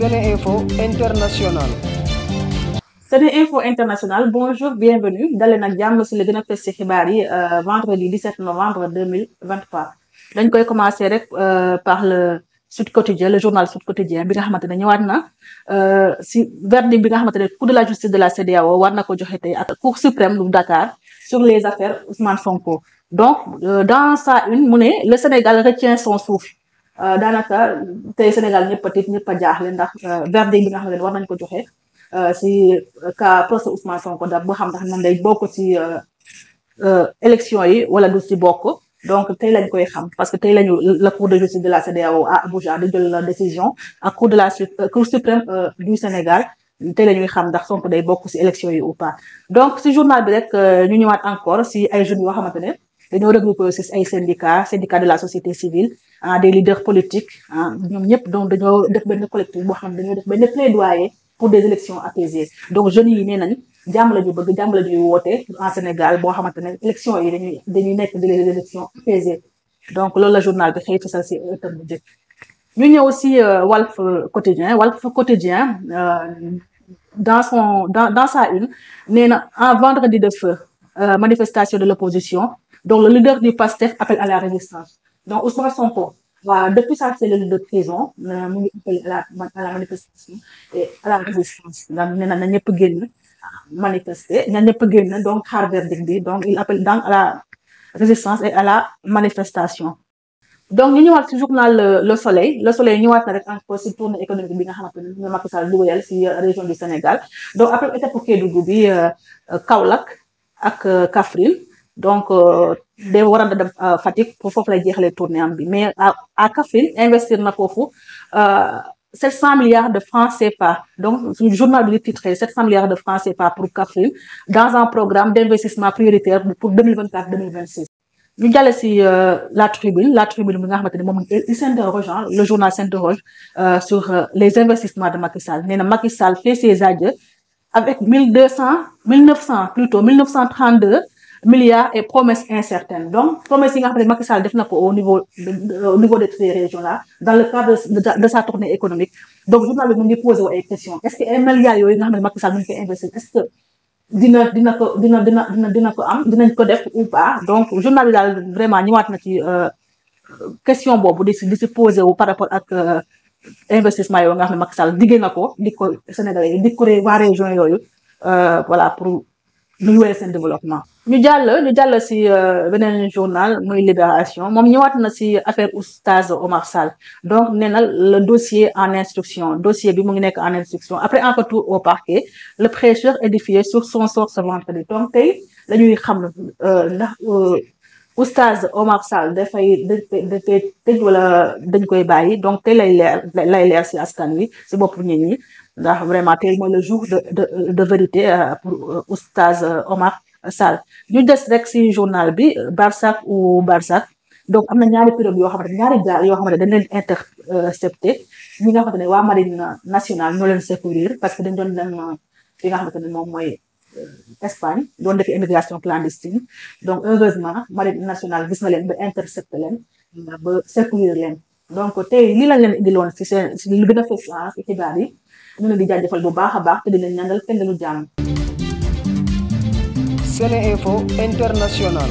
Sénéinfo International. Sénéinfo International bonjour bienvenue dalee nag jàmm si la gën a fës si xibaar yi euh, vendredi 17 novembre 2023 dañ koy commencé rek euh, par le Sud Quotidien le journal Sud Quotidien bi nga xamante ne ñëwaat na euh, si verdict bi nga xamante ne pour de la justice de la CEDEAO war na ko joxe tey ak Cour suprême du Dakar sur les affaires Ousmane Sonko donc dans sa une mu ne le Sénégal retient son souffle. Euh, daanaka tey Sénégal ñëpp a tiit ñëpp a jaaxle ndax euh, verdict bi nga xam ne war nañ ko joxe euh, si cas procès Ousmane Sonko da ba xam ndax nan lay bokk si élection yi wala du si bokk donc tey lañ koy xam parce que tey lañu la cour de justice de la CEDEAO à Abuja di jël décision ak cour de la cour suprême du Sénégal tey la ñuy xam ndax Sonko day bokk si élection yi ou pas donc si journal bi rek ñu ñëwaat encore si ay jeunes yoo xamante ne dañoo regroupé aussi ay syndicats syndicats de la société civile ah des leaders politiques ah ñëpp donc dañoo def benn collectif boo xam dañoo def benn plaidoyer pour des élections apaisées donc jeunes yi nee nañ jàmm ñu bëgg jàmm la woote en Sénégal boo xamante ne élections yi dañuy dañuy nekk des élections apaisées donc loolu la journal bi xëy fësal si ëttam euh, bu njëkk ñu ñëw aussi euh, Walf quotidien Walf quotidien euh, dans son dans dans sa une nee na un vendredi de feu manifestation de l'opposition Donc, le leader du PASTEF appelle à la résistance. Donc, Ousmane Sonko, la depuis sa cellule de prison, euh, il appelle à la, à la manifestation et à la résistance. Ah, il donc donc il appelle donc à la résistance et à la manifestation. donc ñu ñëwaat ci journal euh, Le Soleil Le Soleil ñëwaat na rek encore ci tournée économique bi nga xamante ne moom Macky Sall dugal ci euh, région du Sénégal donc après étape Kédougou bi Kaolack ak Kaffrine. donc euh, de war a dem euh, Fatick foofu lay jeexalee tournée am bi mais à Kaffrine investir na foofu 700 euh, milliards de francs CFA donc suñu journal bi di titré 700 milliards de francs CFA pour Kaffrine dans un programme d' prioritaire pour 2024 2026. la tribune la tribune bi nga xamante ne moom il s'interroge ah, le sur les investissements de Macky Sall nee na Macky Sall fait ses adieux avec milliards et promesses incertaines donc promesses yi nga xam ne Macky Sall def na ko au niveau au niveau de toutes les dans le cadre de sa tournée économique donc journal bi mu ngi posé est ce est ce que dina dina ko dina dina dina dina ko am dinañ ko def ou pas donc journal bi daal vraiment ñëwaat na ci euh, question boobu di si di si posé wu par rapport ak euh, investissement yooyu nga xam ne Macky Sall diggé na ko di ko Sénégalais yi di ko waa région yooyu euh, voilà luy wéyal seen développement. ñu jàll ñu jàll si euh, beneen journal muy Libération moom ñëwaat na si affaire oustaz Omar Sall donc nee na le dossier en instruction dossier bi mu ngi nekk en instruction après un retour au parquet le prêcheur édifié sur son sort ce vendredi donc tey la ñuy xam euh, ndax. Euh, oustaz Omar Sall dafay da koy tëj wala dañ koy bàyyi donc tey lay leer lay leer si askan wi si bopp nit ñi ndax vraiment te mooy le jour de de de vérité euh, pour euh, oustaz Omar Sall. ñu des rek si journal bi Barsak ou Barsak donc am na ñaari pirogue yoo xamante ñaari gaal yoo xamante dañ leen intercepté ñi nga xamante ne waa marine nationale ñoo leen secourir parce que dañ doon dem euh, fi nga xamante ne moom mooy. Espagne doon def immigration clandestine donc heureusement marine nationale gis na leen ba intercepté leen ba sécuriser leen donc te lii lañ leen indiloon si seen si lu gën a fës si ah, xibaar yi ñu leen di jaajëfal bu baax a baax te di leen ñaanal kenn lu jàmm. SeneInfo International.